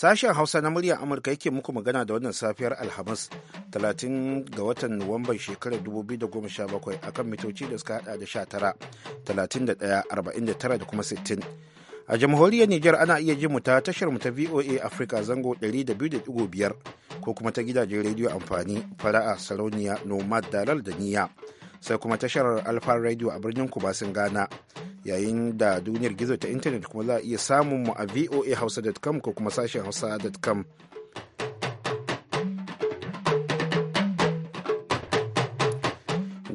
Sashen Hausa na muryar Amurka yake muku magana da wannan safiyar Alhamis 30 ga watan Nuwamban shekarar 2017 akan mitoci da suka hada da 19, 31, 49 da kuma 60. A jamhuriyar Nijar ana iya jin mu ta tashar mu ta VOA Africa zango 200.5 ko kuma ta gidajen rediyo amfani fara'a sarauniya nomad dalal da niya sai kuma tashar alfa radio a birnin kubasin ghana yayin da duniyar gizo ta intanet kuma za a iya samun mu a voa hausa.com ko kuma sashen hausa.com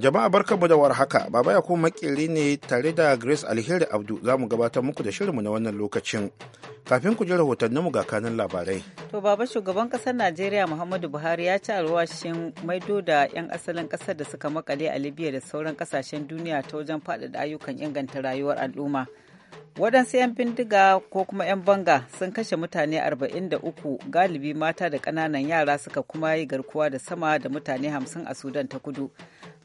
Jama'a barkamu da haka Baba ya kuma makili ne tare da Grace Alheri Abdu za mu gabatar muku da shirinmu na wannan lokacin. Kafin ku ji rahotanninmu ga kanin labarai. To Baba shugaban kasar Najeriya Muhammadu Buhari ya ci alwashin maido da 'yan asalin ƙasar da suka makale a Libya da sauran kasashen duniya ta wajen faɗaɗa ayyukan inganta rayuwar al'umma. waɗansu 'yan bindiga ko kuma 'yan banga sun kashe mutane 43 galibi mata da ƙananan yara suka kuma yi garkuwa da sama da mutane 50 a sudan ta kudu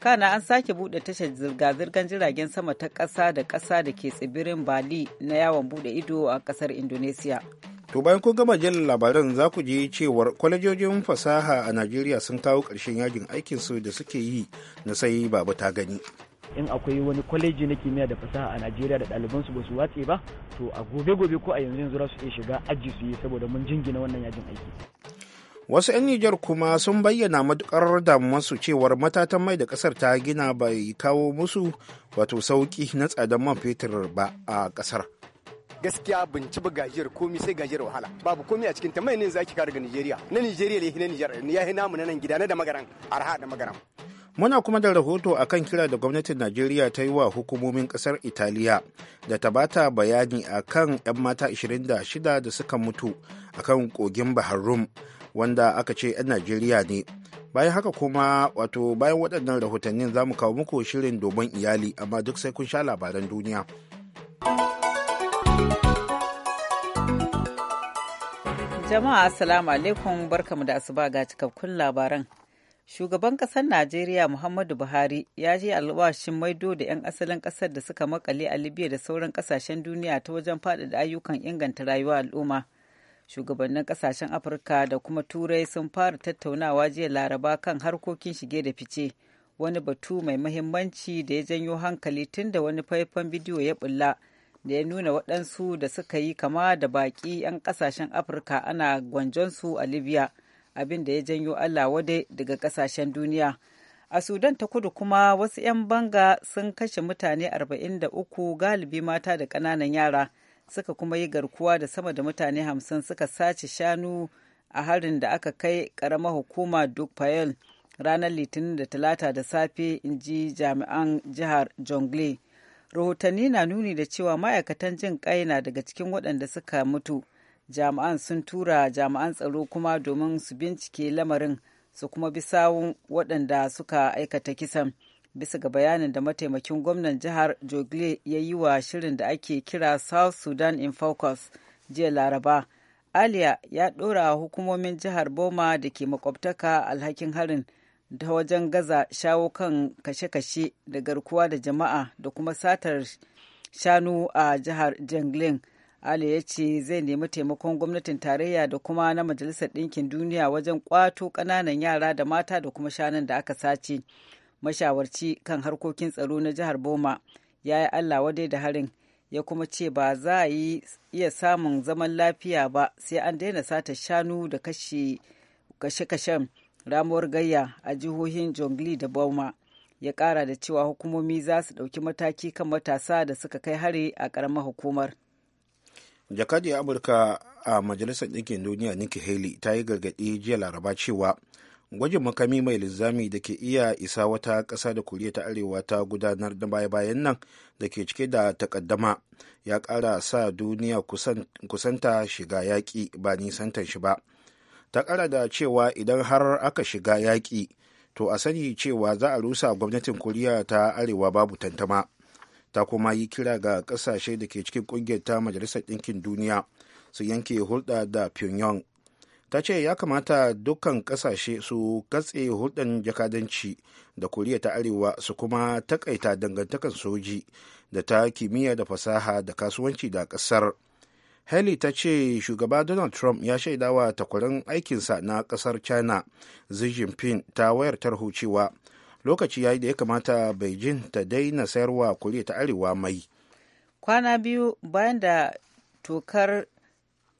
kana an sake bude tashar zirga-zirgar jiragen sama ta ƙasa da kasa da ke tsibirin bali na yawon bude ido a kasar indonesia to bayan kun gama jin labaran za ku ji cewar kwalejojin fasaha a najeriya sun kawo ƙarshen yajin aikinsu da suke yi na sai babu ta gani in akwai wani kwaleji na kimiyya da fasaha a najeriya da ɗaliban su ba su watse ba to a gobe gobe ko a yanzu yanzu za su iya shiga aji su yi saboda mun jingina wannan yajin aiki wasu 'yan nijar kuma sun bayyana matukar damuwarsu cewar matatan mai da kasar ta gina bai kawo musu wato sauki na tsadar man fetur ba a kasar gaskiya binci ba gajiyar komi sai gajiyar wahala babu komi a cikin ta mai ne zaki ka daga Nijeriya na Nijeriya ne na Nijar ya hina mu nan gida na da magaran arha da magaran Muna kuma da rahoto a kan kira da gwamnatin Najeriya ta yi wa hukumomin kasar Italiya da ta bata bayani a kan 'yan mata 26 da suka mutu a kan kogin Bahar Rum wanda aka ce 'yan najeriya ne bayan haka kuma wato bayan waɗannan rahotannin za mu kawo muku shirin domin iyali amma duk sai kun sha labaran duniya jama'a assalamu alaikum barkamu da asuba ga cikakkun labaran shugaban ƙasar najeriya muhammadu buhari ya je alwashin maido da 'yan asalin ƙasar da suka makale a libya da sauran ƙasashen duniya ta wajen faɗaɗa ayyukan inganta rayuwar al'umma shugabannin kasashen afirka da kuma turai sun fara tattaunawa jiya laraba kan harkokin shige da fice wani batu mai mahimmanci da ya janyo hankali tun da wani faifan bidiyo ya bulla da ya nuna waɗansu da suka yi kama da baƙi 'yan ƙasashen afirka ana gwanjonsu a libya abin da ya janyo allah wadai daga ƙasashen duniya a sudan ta kudu kuma wasu 'yan banga sun kashe mutane arba'in da uku galibi mata da ƙananan yara suka kuma yi garkuwa da sama da mutane hamsin suka sace shanu a harin da aka kai karamar hukuma duk payel ranar litinin da talata da safe in ji jami'an jihar jongle rahotanni na nuni da cewa ma'aikatan jin kai na daga cikin waɗanda suka mutu jami'an sun tura jami'an tsaro kuma domin su bincike lamarin su kuma bi sawun waɗanda suka aikata kisan. bisa ga bayanin da mataimakin gwamnan jihar jogle ya yi wa shirin da ake kira south sudan in focus jiya laraba aliya ya ɗora hukumomin jihar boma da ke makwabtaka alhakin harin ta wajen gaza shawo kan kashe-kashe da garkuwa da jama'a da kuma satar shanu a jihar janglin ali ya ce zai nemi taimakon gwamnatin tarayya da kuma na majalisar ɗinkin duniya wajen kwato ƙananan yara da mata da kuma shanun da aka sace mashawarci kan harkokin tsaro na jihar boma ya yi allah wadai da harin ya kuma ce ba za a yi iya samun zaman lafiya ba sai an daina sata shanu da kashe-kashen ramuwar gayya a jihohin jongli da boma ya kara da cewa hukumomi za su ɗauki mataki kan matasa da suka kai hari a ƙaramar hukumar jakadiyar amurka a majalisar ɗinkin duniya nikki haley ta yi gargaɗi jiya laraba cewa gwajin makami mai linzami da ke iya isa wata ƙasa da koriya ta arewa ta gudanar da baya-bayan nan da ke cike da takaddama ya ƙara sa duniya kusanta shiga yaƙi ba nisantar shi ba ta ƙara da cewa idan har aka shiga yaƙi to a sani cewa za a rusa gwamnatin koriya ta arewa babu tantama ta kuma yi kira ga ƙasashe da ke cikin ƙungiyar ta majalisar ɗinkin duniya su yanke hulɗa da pyongyang ta ce ya kamata dukkan kasashe su katse hulɗan jakadanci da koriya ta arewa su kuma takaita dangantakan soji da ta kimiyya da fasaha da kasuwanci da ƙasar haley ta ce shugaba donald trump ya shaidawa takwarar aikinsa na ƙasar china xi jinping ta wayar tarho cewa lokaci ya yi da ya kamata beijing ta daina sayarwa koriya ta arewa mai kwana biyu bayan da tokar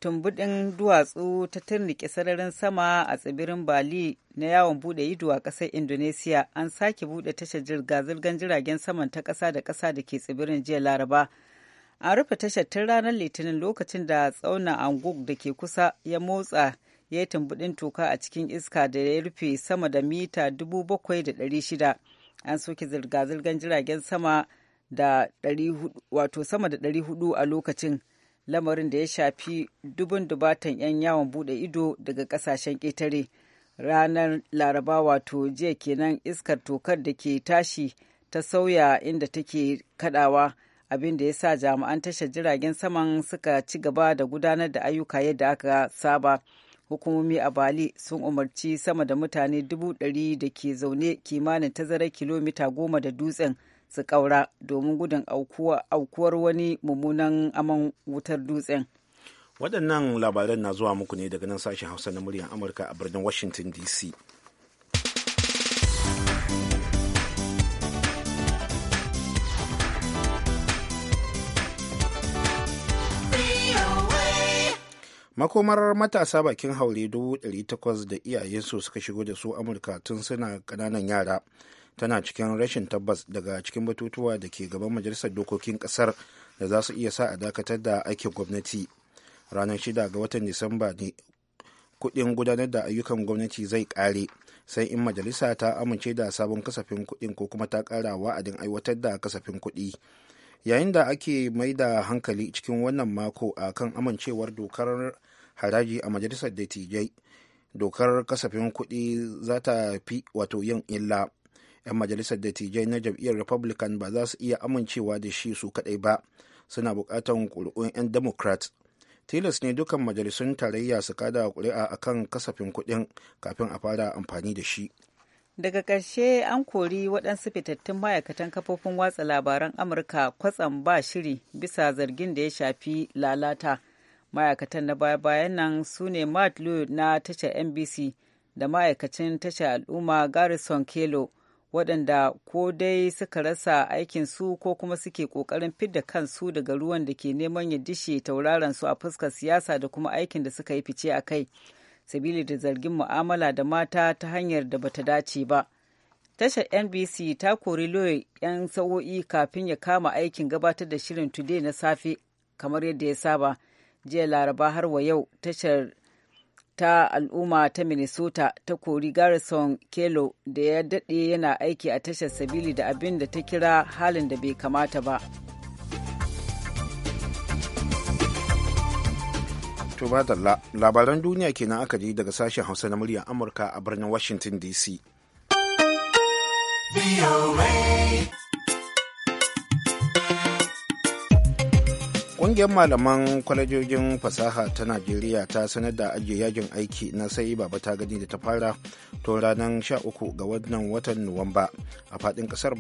tumbudin duwatsu ta turnike sararin sama a tsibirin bali na yawon bude ido a kasar indonesiya an sake bude tashar zirga-zirgar jiragen saman ta kasa da kasa da ke tsibirin jiya laraba an rufe tashar tun ranar litinin lokacin da tsaunin anguk da ke kusa ya motsa ya yi tumbudin toka a cikin iska da ya rufe sama da mita 7,600 an soke zirga-zirgar jiragen sama da 400 a lokacin lamarin da ya shafi dubun dubatan 'yan yawon bude ido daga kasashen ƙetare ranar laraba wato jiya kenan iskar tokar da ke tashi ta sauya inda take kadawa abin da ya sa jami'an tashar jiragen saman suka ci gaba da gudanar da ayyuka yadda aka saba hukumomi a bali sun umarci sama da mutane dubu ɗari da ke zaune kimanin tazarar kilomita goma da dutsen su kaura domin gudun aukuwar wani mummunan aman wutar dutsen. Waɗannan labaran na zuwa muku ne daga nan sashen Hausa na muryar Amurka a birnin Washington DC. makomar matasa bakin haure 800 da iyayensu suka shigo da su amurka tun suna kananan yara tana cikin rashin tabbas daga cikin batutuwa da ke gaban majalisar dokokin kasar da za su iya sa a dakatar da ake gwamnati ranar shida ga watan disamba ne kudin gudanar da ayyukan gwamnati zai kare sai in majalisa ta amince da sabon kasafin kudin ko kuma ta kara wa'adin aiwatar da kasafin kudi yayin da ake mai da hankali cikin wannan mako a kan amincewar dokar haraji a majalisar dattijai dokar kasafin kuɗi za ta fi wato yin illa 'yan majalisar dattijai na jam'iyyar republican ba za su iya amincewa da shi su kadai ba suna bukatan ƙuri'un 'yan democrat tilas ne dukan majalisun tarayya su kada kuri'a a kan kasafin kudin kafin a fara amfani da shi daga ƙarshe an kori waɗansu fitattun ma'aikatan kafofin watsa labaran amurka kwatsam ba shiri bisa zargin da ya shafi lalata ma'aikatan na baya-bayan nan su ne matt na tashar nbc da ma'aikacin tashar al'umma garrison kelo waɗanda ko dai suka rasa aikinsu ko kuma suke ƙoƙarin fidda kansu daga ruwan da ke neman ya dishe tauraron su a fuskar siyasa da kuma aikin da suka yi fice a kai sabili da zargin mu'amala da mata ta hanyar da bata dace ba tashar nbc ta kori loye 'yan sa'o'i kafin ya kama aikin gabatar da shirin today na safe kamar yadda ya saba jiya laraba har wa yau tashar ta al'umma ta minnesota ta kori garrison kelo da ya daɗe yana aiki a tashar sabili da abin da ta kira halin da bai kamata ba labaran duniya kenan aka ji daga sashen hausa na muryar amurka a birnin washington dc Ƙungiyar malaman kwalejojin fasaha ta Najeriya ta sanar da ajiye yajin aiki na sai baba ta gani da ta fara to ranar 13 ga wannan watan Nuwamba a faɗin ƙasar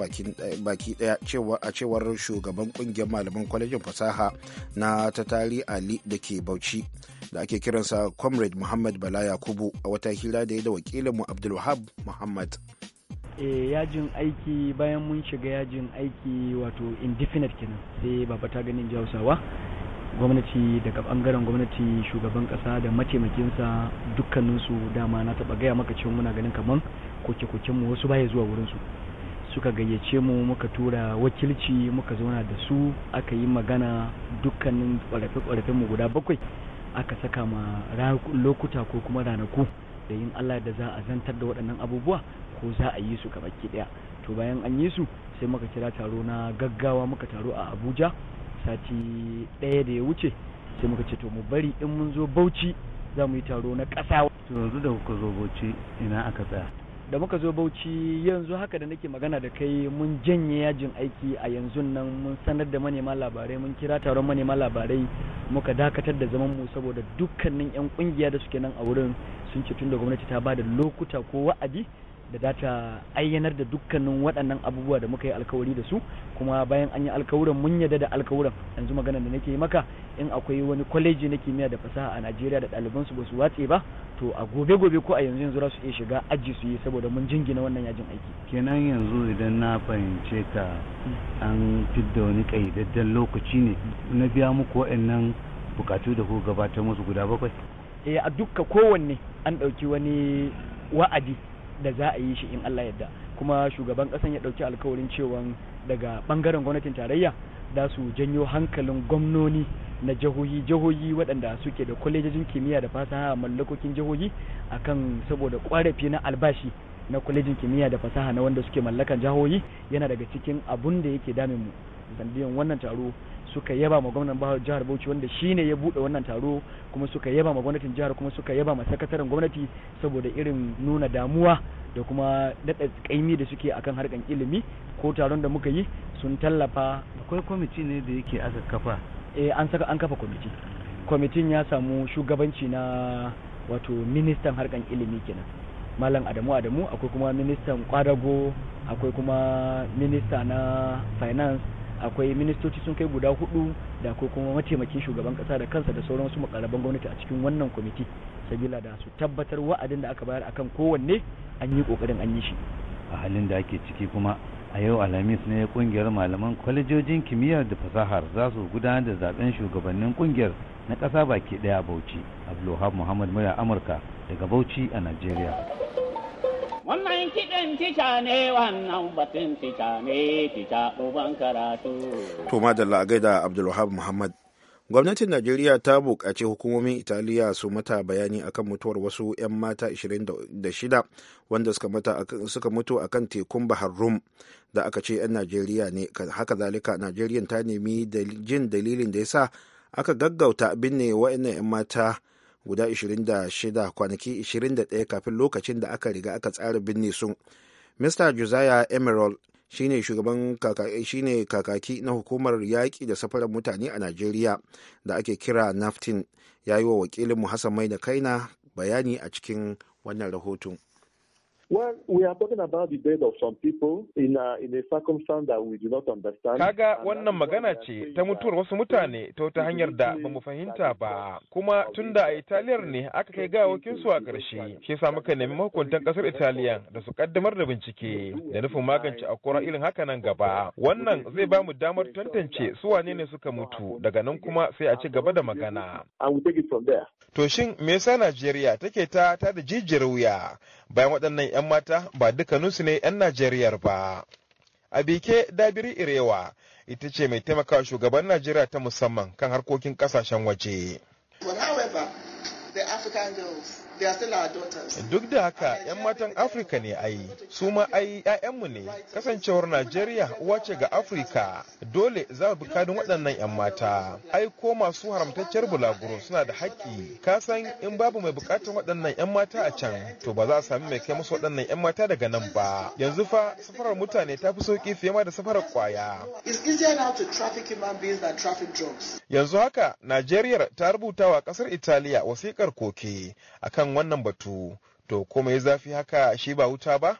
baki ɗaya cewa a cewar shugaban ƙungiyar malaman kwalejin fasaha na ta tari Ali da ke Bauchi da ake kiransa Comrade Muhammad Bala Yakubu a wata hira da ya da wakilinmu Abdulwahab Muhammad. Eh, yajin aiki bayan mun shiga yajin aiki wato indefinite kenan sai baba ta ganin jausawa gwamnati daga bangaren gwamnati shugaban kasa da mataimakinsa dukkaninsu dama na taba gaya maka cewa muna ganin kaman koke-koken mu wasu baya zuwa wurinsu suka gayyace mu muka tura wakilci muka zauna da su aka yi magana dukkanin kwarafe ƙwarfen mu guda bakwai aka saka ma lokuta ko kuma ranaku da yin Allah da za a zantar da waɗannan abubuwa ko za a yi su kabaki ɗaya to bayan an yi su sai muka kira taro na gaggawa muka taro a Abuja sati ɗaya da ya wuce sai muka ce to mu bari in mun zo Bauchi za mu yi taro na ƙasa yanzu da kuka zo Bauchi ina aka tsaya da muka zo bauchi yanzu haka da nake magana da kai mun janye yajin aiki a yanzu nan mun sanar da manema labarai mun kira taron manema labarai muka dakatar da zaman mu saboda dukkanin yan kungiya da suke nan a wurin sun ce tun da gwamnati ta ba da lokuta ko wa'adi da za ta ayyanar da dukkanin waɗannan abubuwa da muka yi alkawari da su kuma bayan an yi alkawuran mun yadda da alkawuran yanzu magana da nake yi maka in akwai wani kwaleji na kimiyya da fasaha a najeriya da ɗaliban su ba su watse ba to a gobe gobe ko a yanzu yanzu za su iya shiga aji su yi saboda mun jingina wannan yajin aiki kenan yanzu idan na fahimce ka hmm. an fidda wani ƙayyadadden lokaci ne na biya muku waɗannan bukatu da ku gabatar musu guda bakwai eh a dukka kowanne an ɗauki wani wa'adi da za a yi shi in Allah yadda kuma shugaban kasan ya dauki alkawarin cewa daga bangaren gwamnatin tarayya da su janyo hankalin gwamnoni na jihohi jihohi waɗanda suke da kwalejin kimiyya da fasaha mallakokin jihohi akan saboda ƙwarafi na albashi na kwalejin kimiyya da fasaha na wanda suke mallakan jihohi yana daga cikin abun da yake damin mu sanadiyan wannan taro suka yaba ma gwamnan jihar Bauchi wanda shine ya bude wannan taro kuma suka yaba ma gwamnatin jihar kuma suka yaba ma sakataren gwamnati saboda irin nuna damuwa da kuma daɗa kaimi da suke akan harkan ilimi ko taron da muka yi sun tallafa akwai kwamiti ne da yake aka kafa eh an saka an kafa kwamiti kwamitin ya samu shugabanci na wato ministan harkan ilimi kenan malam adamu adamu akwai kuma ministan kwadago akwai kuma minista na finance akwai ministoci sun kai guda hudu da akwai kuma mataimakin shugaban kasa da kansa da sauran su makaraban gwamnati a cikin wannan kwamiti sabila da su tabbatar wa'adin da aka bayar akan kowanne an yi kokarin an yi shi a halin da ake ciki kuma a yau alhamis ne kungiyar malaman kwalejojin kimiyyar da fasahar za su gudanar da zaben shugabannin kungiyar na kasa baki ɗaya bauchi abdulhab muhammad murya amurka daga bauchi a nigeria. Wannan kiɗan tisha ne wannan batun tisha ne tisha uban karatu. To madalla a gaida Abdulwahab Muhammad. Gwamnatin Najeriya ta buƙaci hukumomin Italiya su mata bayani akan mutuwar wasu 'yan mata 26 wanda suka mutu a kan tekun Bahar Rum da aka ce 'yan Najeriya ne. Haka zalika Najeriya ta nemi jin dalilin da ya sa aka gaggauta binne wa'annan 'yan mata guda 26 kwanaki 21 kafin lokacin da aka riga aka tsara binne su mr josiah emerald ne shugaban kakaki na hukumar yaƙi da safarar mutane a najeriya da ake kira naftin ya yi wa wakilinmu hassan mai da kaina bayani a cikin wannan rahoton Well, we are talking about the death of some people in a, in a circumstance that we do not understand. Kaga wannan magana ce ta mutuwar wasu mutane ta wata hanyar da ba mu fahimta ba. Kuma tun da a Italiyar ne aka kai gawakin su a ƙarshe. Shi yasa muka nemi mahukuntan ƙasar Italiya da su kaddamar da bincike da nufin magance akwara irin haka nan gaba. Wannan zai ba mu damar tantance su wane ne suka mutu daga nan kuma sai a ci gaba da magana. To shin me yasa Najeriya take ta ta da jijiyar wuya bayan waɗannan 'yan mata ba dukkaninsu ne 'yan Najeriya ba. a bike Dabiri Irewa ita ce mai taimakawa shugaban Najeriya ta musamman kan harkokin kasashen waje. Duk da haka, 'yan matan Afirka ne ai, su ma ai 'ya'yanmu ne, kasancewar Najeriya uwa ce ga Afirka, dole za mu bukadin waɗannan 'yan mata. Ai ko masu haramtacciyar bulaguro suna da haƙƙi, ka san in babu mai bukatar waɗannan 'yan mata a can, to ba za a sami mai kai musu waɗannan 'yan mata daga nan ba. Yanzu fa safarar mutane ta fi sauƙi fiye ma da safarar ƙwaya. Yanzu haka, Najeriya ta rubuta wa ƙasar Italiya wasikar koki. akan wannan batu to komai zafi haka shi ba wuta ba?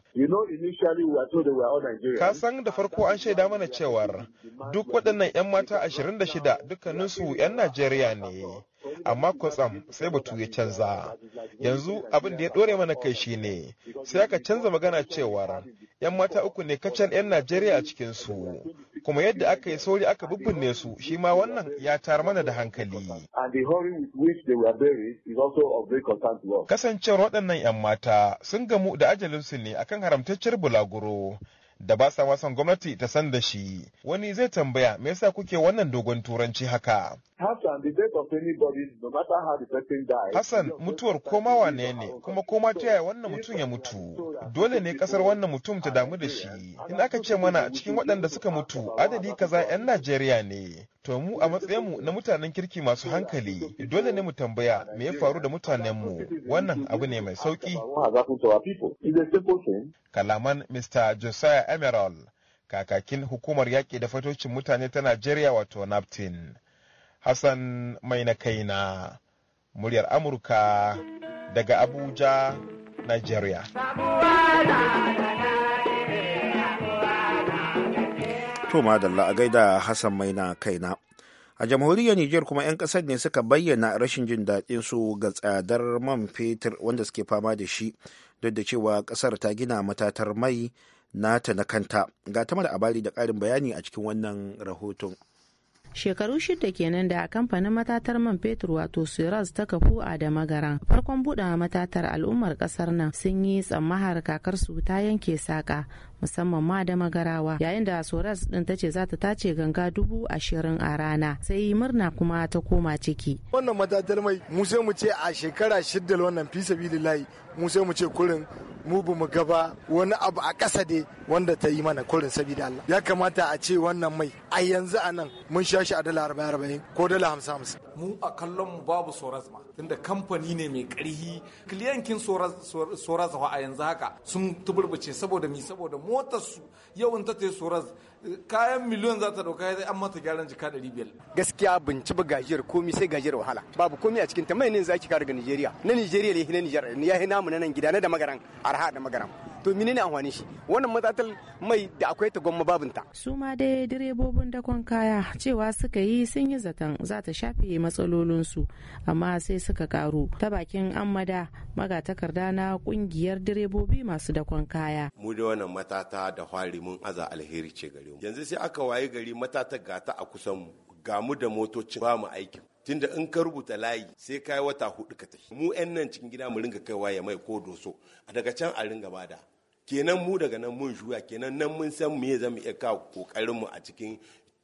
Ka san da farko an shaida mana cewar duk waɗannan 'yan mata 26 dukkaninsu 'yan Najeriya ne. amma kwatsam sai batu ya canza yanzu abin da ya dore mana kai shi ne. sai aka canza magana cewar 'yan mata uku ne kacan 'yan najeriya a cikinsu kuma yadda aka yi sauri aka bubbinne su shi ma wannan ya tar mana da hankali. Kasancewar waɗannan 'yan mata sun gamu da ajalinsu ne akan haramtaccen bulaguro da ba sa wasan gwamnati ta san da shi. Wani zai tambaya me yasa kuke wannan dogon turanci haka? Hassan mutuwar koma wane ne kuma koma ta yaya wannan mutum ya mutu. Dole ne kasar wannan mutum ta damu da shi. In aka ce mana cikin waɗanda suka mutu adadi kaza 'yan Najeriya ne. To mu a matsayinmu na mutanen kirki masu hankali dole ne mu tambaya me ya faru da mutanenmu wannan abu ne mai sauki. Kalaman Mr. Josiah Emerald kakakin hukumar yaƙi da fatocin mutane ta Najeriya wato Naptin. Hassan mai na kaina muryar Amurka daga Abuja, Najeriya. To madalla a gaida Hassan Maina kaina. A jamhuriyar Nijar kuma 'yan kasar ne suka bayyana rashin jin daɗin su ga tsadar man fetur wanda suke fama da shi duk da cewa kasar ta gina matatar mai na ta na kanta. Ga ta da abali da ƙarin bayani a cikin wannan rahoton. shekaru shida kenan da kamfanin matatar man fetur wato siras ta kafu a da magara farkon buɗe matatar al'ummar ƙasar nan sun yi tsammahar kakar su ta yanke saƙa musamman ma da magarawa yayin da soras ɗin ta ce za ta tace ganga dubu ashirin a rana sai murna kuma ta koma ciki wannan matatar mai mu sai mu ce a shekara shidda wannan fi sabilillahi mu sai mu ce kurin mu bu mu gaba wani abu a ƙasa dai wanda ta yi mana kurin sabida Allah ya kamata a ce wannan mai a yanzu a nan mun sha siya shi a dala arba'in arba'in ko dala hamsin hamsin. mu a kallon mu babu sorazma tunda kamfani ne mai karhi kiliyankin soraz a yanzu haka sun tuburbuce saboda mi saboda motar su yawan ta tayi soraz kayan miliyon za ta dauka sai an mata gyaran jika ɗari biyar. gaskiya ci ba gajiyar komi sai gajiyar wahala babu komi a cikin ta mai ne zaki ka daga nigeria na nigeria ne na nijar ya hina mu na nan gida na da magaran arha da magaran to mine ne shi wannan matsatar mai da akwai ta gwamma babinta. su ma dai direbobin dakon kaya cewa suka yi sun yi zaton za ta shafe matsalolinsu amma sai suka karu ta bakin amada magatakarda na kungiyar direbobi masu dakon kaya. mu da wannan matata da hwari mun aza alheri ce gare mu yanzu sai aka waye gari matata gata a kusan mu ga mu da motocin ba mu aikin tunda in ka rubuta layi sai kai wata hudu ka tafi mu yan nan cikin gida mu ringa kaiwa ya mai ko doso a daga can a ringa bada kenan mu daga nan mun juya kenan nan mun san me zamu iya kawo mu a cikin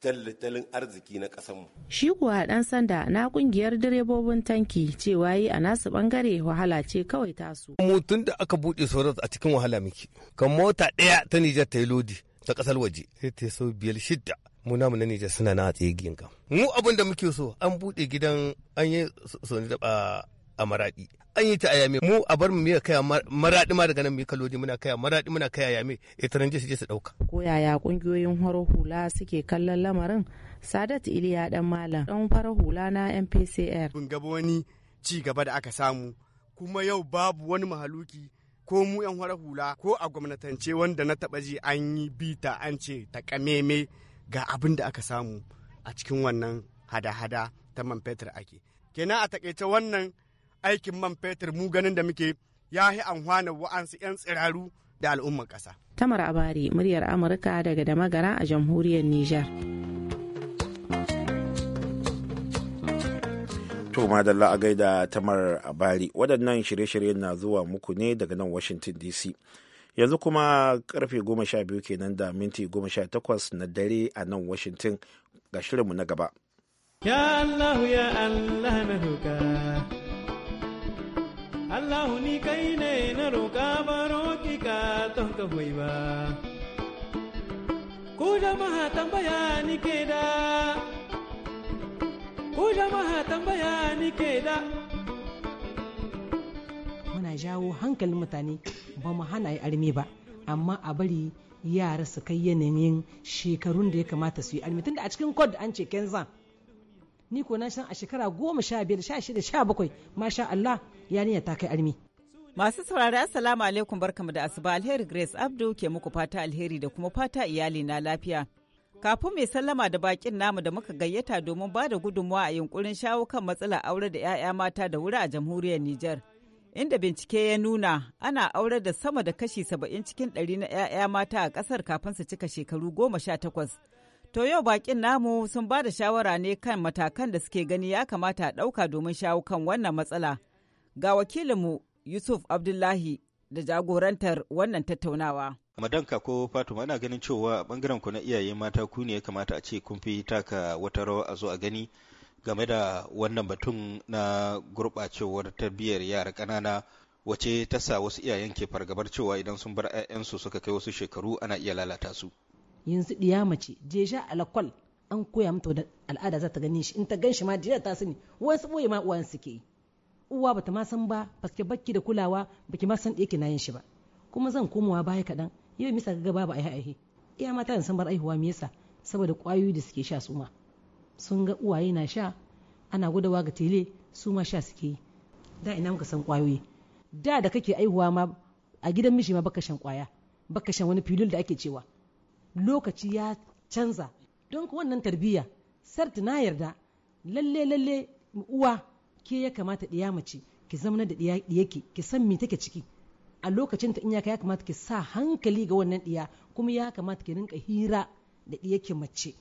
tattalin arziki na ƙasarmu. Shi kuwa ɗan sanda na ƙungiyar direbobin tanki cewa yi a nasu ɓangare wahala ce kawai tasu. Mu tun da aka buɗe sauran a cikin wahala miki. Kan mota ɗaya ta Nijar ta yi lodi ta kasar waje. Sai ta sau biyar shidda. Mu namu na Nijar suna na a tsaye ginka. Mu abin da muke so an buɗe gidan an yi soni da a maraɗi an yi ta a yame mu a bar mu miya kaya maraɗi ma daga nan mu kalodi muna kaya maraɗi muna kaya yame itaran eh, je su je su ɗauka. ko yaya ƙungiyoyin horo hula suke kallon lamarin sadat iliya dan malam dan farar hula na mpcr. kun gaba wani ci gaba da aka samu kuma yau babu wani mahaluki ko mu yan hore hula ko a gwamnatance wanda na taba ji an yi bita an ce takameme ga abin da aka samu a cikin wannan hada-hada ta man fetur ake kenan a takaice wannan aikin man fetur mu ganin da muke ya yi an hwana wa'ansu 'yan tsiraru da al'ummar ƙasa. Tamar Abari, muryar Amurka daga Damagara a jamhuriyar Nijar. To madalla a gaida Tamar Abari, waɗannan shirye-shiryen na zuwa muku ne daga nan Washington DC. Yanzu kuma karfe goma sha biyu kenan da minti goma sha takwas na dare a nan Washington ga shirinmu na gaba. Ya Allah ya Allah na Allah ni kai ne na roƙa baro ki ka ton ka hoyi ba. Ku jama'a tambaya ni ke da, ku jama'a tambaya ni ke da. Muna jawo hankalin mutane ba mu hana yi armi ba, amma a bari yara su kai yanayin shekarun da ya kamata su yi armi tunda a cikin kod an ce kenzan. Ni ko na san a shekara goma sha biyar sha shida sha bakwai masha Allah yarinya ta kai armi Masu saurari Assalamu alaikum barkamu da asuba alheri Grace Abdu ke muku fata alheri da kuma fata iyali na lafiya. Kafin mai sallama da bakin namu da muka gayyata domin ba da gudunmawa a yunkurin shawo kan matsalar aure da 'ya'ya mata da wuri a jamhuriyar Nijar. Inda bincike ya nuna ana aure da sama da kashi saba'in cikin ɗari na 'ya'ya mata a ƙasar kafin su cika shekaru goma sha takwas. To yau bakin namu sun ba da shawara ne kan matakan da suke gani ya kamata a ɗauka domin shawo kan wannan matsala. Ga wakilinmu Yusuf Abdullahi da jagorantar wannan tattaunawa. madanka ko fatima ana ganin cewa bangaren ku na iyaye mata ku ne ya kamata a ce kun fi taka wata rawa a zo a gani game da wannan batun na gurɓacewar tarbiyyar yara ƙanana wace ta sa wasu iyayen ke fargabar cewa idan sun bar 'ya'yansu suka kai wasu shekaru ana iya lalata su yanzu ɗiya mace je sha alakwal an koya mata al'ada za ta gani shi in ta gan shi ma jiya ta sani wasu ɓoye ma uwayen suke yi uwa bata ma san ba paske bakki da kulawa baki ma san ɗaya na yin shi ba kuma zan komawa baya kaɗan yau misa ga babu aihe aihe iya mata da san bar aihuwa me yasa saboda ƙwayoyi da suke sha su ma sun ga uwaye na sha ana gudawa ga tele su ma sha suke yi da ina muka san ƙwayoyi da da kake aihuwa ma a gidan mishi ma baka shan ƙwaya baka shan wani filin da ake cewa lokaci ya canza don wannan tarbiyya sarti na yarda lalle lalle uwa ke ya kamata ɗiya mace ki zamana da ɗiyake ki san me take ciki a lokacin ta in ya kamata ki sa hankali ga wannan ɗiya kuma ya kamata ki rinka hira da ɗiyake mace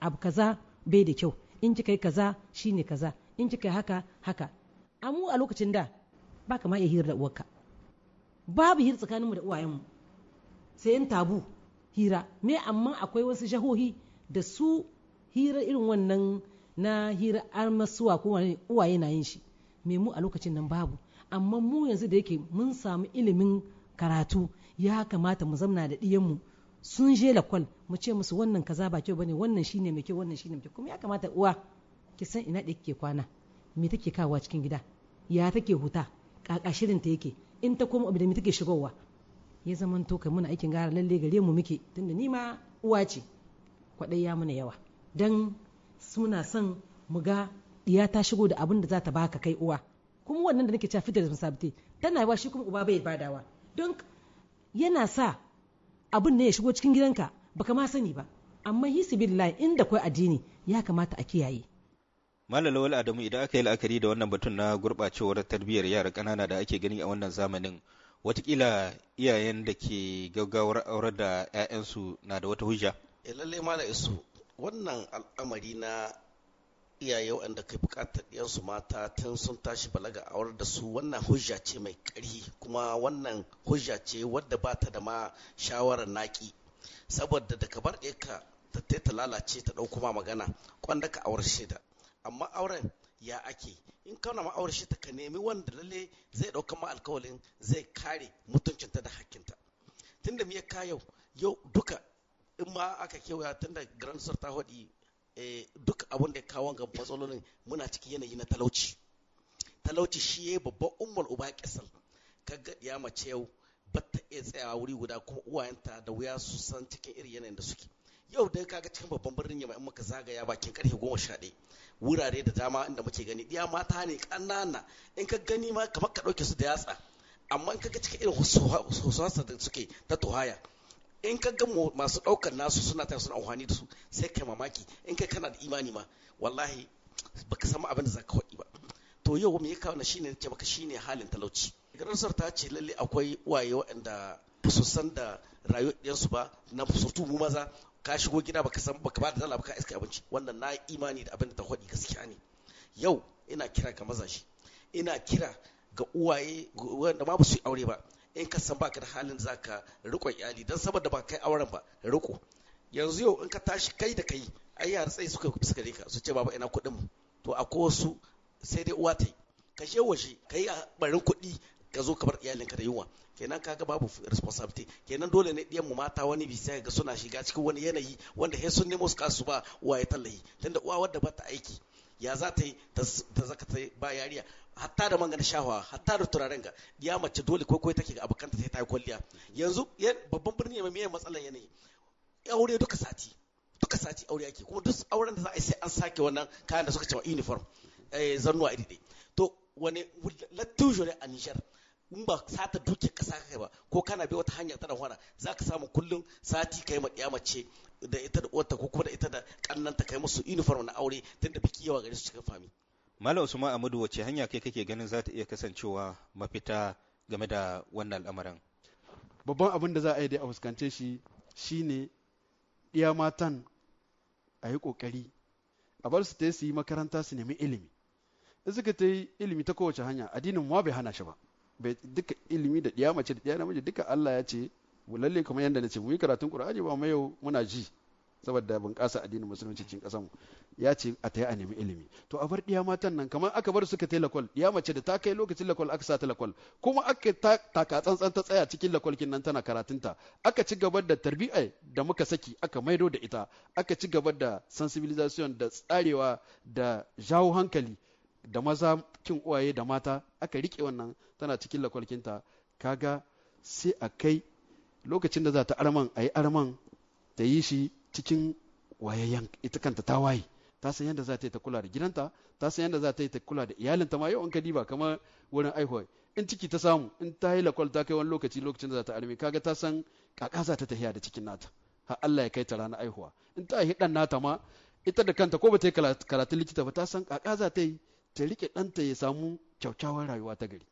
abu kaza bai da kyau in kika yi kaza shine kaza in kika yi haka haka amu a lokacin da ba kama ya hira da uwarka babu hira mu da uwayenmu sai in tabu hira me amma akwai wasu jahohi da su hira irin wannan na hira armasuwa ko uwaye na yin shi me mu a lokacin nan babu amma mu yanzu da yake mun samu ilimin karatu ya kamata mu zamna da ɗiyanmu sun je kwal mu ce musu wannan kaza ba kyau bane wannan shine mai kyau wannan shine mai kyau kuma ya kamata uwa ki san ina da kike kwana me take kawa cikin gida ya take huta kaka shirin ta yake in ta koma da me take shigowa ya zaman to kai muna aikin gara lalle gare mu muke tunda ni ma uwa ce kwadai ya mana yawa dan suna son mu ga ɗiya ta shigo da abin da za ta baka kai uwa kuma wannan da nake cewa fitar responsibility tana ba shi kuma uba bai badawa don yana sa abin ne ya shigo cikin gidanka baka ma sani ba amma billahi inda kwai addini ya kamata a kiyaye lawal adamu idan aka yi la'akari da wannan batun na gurɓacewar tarbiyyar yara ƙanana da ake gani a wannan zamanin watakila iyayen da ke gaggawar aurar da 'ya'yansu na da wata hujja eh, lallai mala isu wannan al'amari na iyaye waɗanda ka buƙatar ɗiyarsu mata tun sun tashi balaga awar da su wannan hujja ce mai ƙarfi kuma wannan hujja ce wadda ba ta da ma shawarar naƙi saboda da ka bar ka ta ta lalace ta ɗau kuma magana kwanda ka awar shida amma auren ya ake in kana ma aure ta ka nemi wanda lalle zai ɗauka ma alkawalin zai kare mutuncinta da hakkinta tunda miya ya yau yau duka in ma aka kewaya tun da grand ta haɗi duk abin da ya kawo ga matsalolin muna ciki yanayi na talauci talauci shi ya babban umar uba ka ga ya mace yau ta iya tsayawa wuri guda kuma uwayenta da wuya su san cikin irin yanayin da suke yau dai kaga cikin babban birnin yamma in muka zagaya bakin karfe goma sha ɗaya wurare da dama inda muke gani ɗiya mata ne ƙanana in ka gani ma kamar ka ɗauke su da yatsa amma in ga cikin irin hosuwa da suke ta tuhaya in ka ga masu ɗaukar nasu suna ta suna amfani da su sai kai mamaki in kai kana da imani ma wallahi baka samu abin da za ka faɗi ba to yau me ya kawo na shine ce baka shine halin talauci garasar ta ce lalle akwai waye waɗanda su san da rayuwar su ba na surtu mu maza ka shigo gida baka san baka ba da dala baka iska abinci wannan na imani da abin da ta faɗi gaskiya ne yau ina kira ga mazaje ina kira ga uwaye da ma ba su aure ba in ka san baka da halin za ka riko iyali don saboda ba kai auren ba riko yanzu yau in ka tashi kai da kai ai yara tsaye suka suka rika su ce baba ina kuɗin mu to a wasu sai dai uwa ta yi ka she washe ka yi a barin kuɗi ka zo ka bar iyalinka da yunwa kenan kaga babu responsibility kenan dole ne ɗiyan mu mata wani bisa ga suna shiga cikin wani yanayi wanda he sun nemo su kasu ba uwa ya tallahi tunda uwa wadda ba ta aiki ya za ta yi ta zaka ta ba yariya hatta da mangana shawa hatta da turaren ga ya mace dole ko koyi take ga abokanta sai ta yi kwalliya yanzu babban birni mai yin matsalar yanayi aure duka sati duka sati aure yake kuma duk auren da za a yi sai an sake wannan kayan da suka cewa uniform eh, zannuwa iri to wani la toujours a Nijar. in ba sata duke kasa kai ba ko kana bi wata hanya ta da hwana za ka samu kullum sati kai ma mace da ita da uwarta ko kuma da ita da kannanta kai musu uniform na aure tunda biki yawa gare su cikin fami Malam Usman Amadu wace hanya kai kake ganin za ta iya kasancewa mafita game da wannan al'amarin babban abin da za a yi dai a fuskance shi shine iya matan a yi kokari a bar su ta yi makaranta su nemi ilimi in suka ta yi ilimi ta kowace hanya addinin ma bai hana shi ba duka ilimi da ɗiya mace da ɗiya namiji duka Allah ya ce lalle kamar yadda na ce mu yi karatun Qur'ani ba mu yau muna ji saboda bunƙasa addinin musulunci cikin mu ya ce a ta a nemi ilimi to a bar ɗiya matan nan kamar aka bar suka ta lakwal ɗiya mace da ta kai lokacin lakwal aka sa ta lakwal kuma aka taka tsantsan ta tsaya cikin kin nan tana karatun karatunta aka ci gaba da tarbiyya da muka saki aka maido da ita aka ci gaba da sensibilization da tsarewa da jawo hankali da maza kin uwaye da mata aka rike wannan tana cikin lakwalkinta kaga sai a kai lokacin da za ta arman a yi arman ta yi shi cikin wayayyan ita kanta ta waye ta san yadda za ta yi ta kula da gidanta ta san yadda za ta yi ta kula da iyalinta ma yau an kadi ba kamar wurin aihuwa in ciki ta samu in ta yi lakwal ta kai wani lokaci lokacin da za ta arme kaga ta san kaka za ta tafiya da cikin nata har Allah ya kai ta rana aihuwa in ta yi dan nata ma ita da kanta ko ba ta yi karatun likita ba ta san kaka za ta yi ta rike ɗanta ya samu kyakkyawar rayuwa ta gari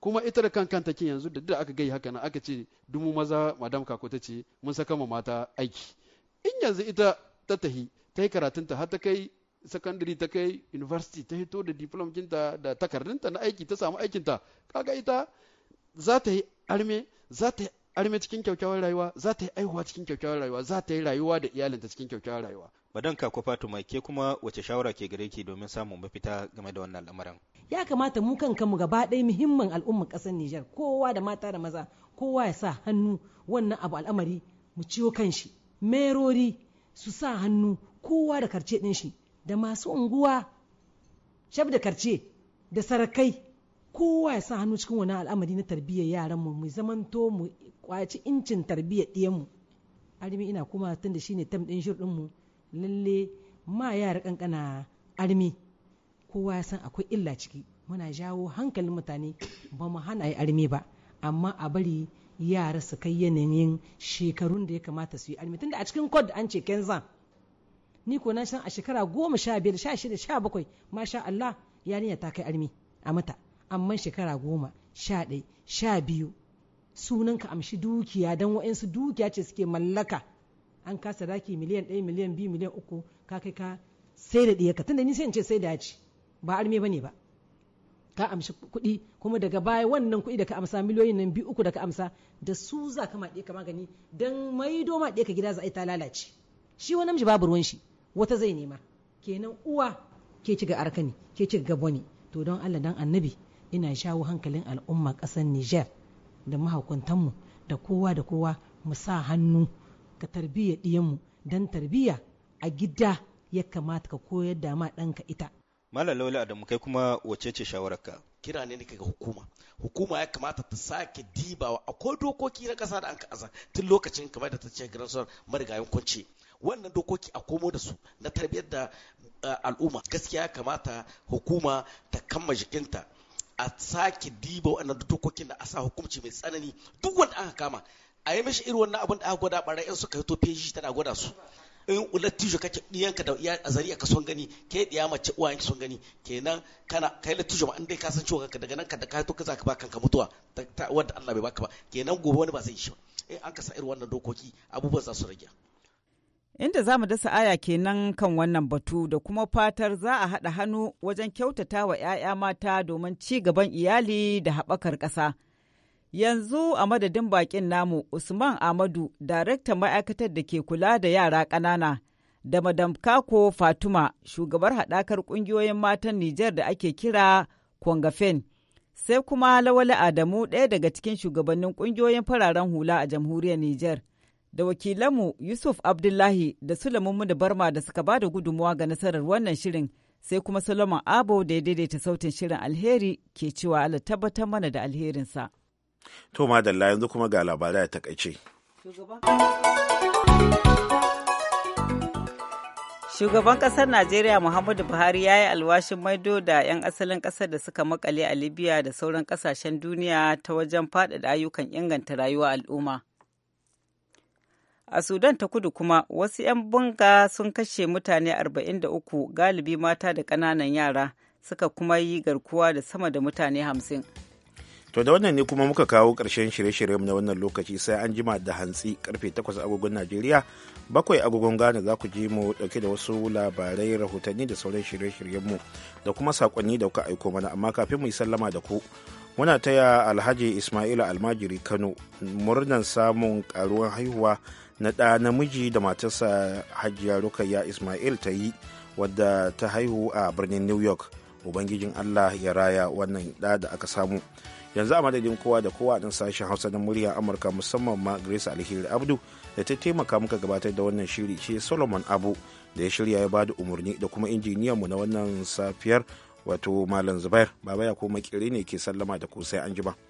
kuma ita da kankan take yanzu da aka gai haka nan aka ce dumu maza madam kako ta ce mun saka ma mata aiki in yanzu ita ta tahi ta yi karatunta har ta kai secondary ta kai university ta hito da diplom da takardunta na aiki ta samu aikinta kaga ita za ta yi arme za ta yi arme cikin kyakkyawar rayuwa za ta yi aihuwa cikin kyakkyawar rayuwa za ta yi rayuwa da iyalinta cikin kyakkyawar rayuwa badan ko fatima ke kuma wace shawara ke gare ki domin samun mafita game da wannan al'amarin ya kamata mu kan mu gaba ɗaya muhimmin al'ummar ƙasar Nijar kowa da mata da maza kowa ya sa hannu wannan abu al'amari mu ciwo kan shi merori su sa hannu kowa da karce ɗin shi da masu unguwa shaf da karce da sarakai kowa ya sa hannu cikin wani al'amari na tarbiyyar yaran mu mu zamanto mu kwaci incin tarbiyyar ɗiyan mu armi ina kuma tun da shine tam ɗin shirɗin mu lalle ma yara kankana armi kowa ya san akwai illa ciki muna jawo hankalin mutane ba mu hana yi armi ba amma a bari yara su kai yanayin shekarun da ya kamata su yi armi tunda a cikin kod an ce Kenza ni ko na san a shekara goma sha biyar sha shida sha bakwai masha Allah yarinya ta kai armi a mata amma shekara goma sha ɗai sha biyu sunan ka amshi dukiya don wa'insu dukiya ce suke mallaka an kasa daki miliyan ɗaya miliyan biyu miliyan uku ka kai ka sai da ɗiyarka tunda ni sai in ce sai da ci ba arme ba ne ba ka amshi kuɗi kuma daga baya wannan kuɗi da ka amsa miliyoyin nan biyu uku da ka amsa da su za ka maɗe ka magani don maido maɗe ka gida za a yi ta lalace shi wani namiji babu ruwan shi wata zai nema kenan uwa ke ci ga arkani ke ci ga ne." to don Allah dan annabi ina shawo hankalin al'umma ƙasar Nijar da mahaukuntanmu da kowa da kowa mu sa hannu ka tarbiyya ɗiyanmu don tarbiyya a gida ya kamata ka koyar da ma ɗanka ita Malam Laula Adamu kai kuma wace ce shawararka? Kira ne ka ga hukuma. Hukuma ya kamata ta sake dibawa akwai dokoki na kasa da an ka'aza tun lokacin kamar da ta ce Granson marigayen kwanci. Wannan dokoki a komo da su na tarbiyyar da eh, al'umma. Gaskiya ya kamata hukuma ta kama jikinta a sake diba waɗannan dokokin da a sa hukunci mai tsanani duk wanda aka kama a yi mashi irin wannan abin da aka gwada bara yan suka hito feji tana gwada su in ulat tijo kake diyanka da iya azari ka son gani ke diya mace uwa ki son gani kenan kana kai la tijo ma an dai ka san cewa kanka daga nan ka da ka to ka zaka ba kanka mutuwa wadda wanda Allah bai baka ba kenan gobe wani ba zai shi ba in an ka sa irin wannan dokoki abubuwan za su rage Inda za mu dasa aya kenan kan wannan batu da kuma fatar za a haɗa hannu wajen kyautata wa 'ya'ya mata domin ci gaban iyali da haɓakar ƙasa. Yanzu a madadin baƙin namu Usman Amadu, darakta ma'aikatar da ke kula da yara ƙanana, da Madam Kako Fatuma, shugabar haɗakar ƙungiyoyin matan Nijar da ake kira Kwangafen, sai kuma Lawale Adamu ɗaya daga cikin shugabannin ƙungiyoyin fararen hula a jamhuriyar Nijar. da wakilanmu Yusuf Abdullahi da Sulaiman da Barma da suka ba da gudunmuwa ga nasarar wannan shirin sai kuma Solomon Abo da ya daidaita sautin shirin alheri ke cewa Allah tabbatar mana da alherinsa. To madalla yanzu kuma ga labarai a takaice. Shugaban ƙasar Najeriya Muhammadu Buhari ya yi alwashin maido da 'yan asalin ƙasar da suka makale a Libya da sauran ƙasashen duniya ta wajen faɗaɗa ayyukan inganta rayuwa al'umma. A Sudan ta kudu kuma wasu 'yan bunga sun kashe mutane 43 galibi mata da kananan yara suka kuma yi garkuwa da sama da mutane 50. To da wannan ne kuma muka kawo karshen shirye-shiryen na wannan lokaci sai an jima da hantsi karfe 8 agogon Najeriya, bakwai agogon Ghana za ku ji mu dauke da wasu labarai, rahotanni da sauran shirye-shiryenmu da kuma saƙonni da kuka aiko mana amma kafin mu yi sallama da ku. muna taya alhaji isma'il almajiri kano murnar samun karuwan haihuwa na ɗa namiji da matarsa hajiya rukayya ismail ta yi wadda ta haihu a birnin new york ubangijin allah ya raya wannan ɗa da aka samu yanzu a madadin kowa da kowa ɗin sashen hausa na murya amurka musamman ma grace alheri abdu da ta taimaka muka gabatar da wannan shiri ce solomon abu da ya shirya ya bada umarni da kuma injiniyanmu na wannan safiyar wato malam zubair baba ya koma kiri ne ke sallama da ku sai an ji ba.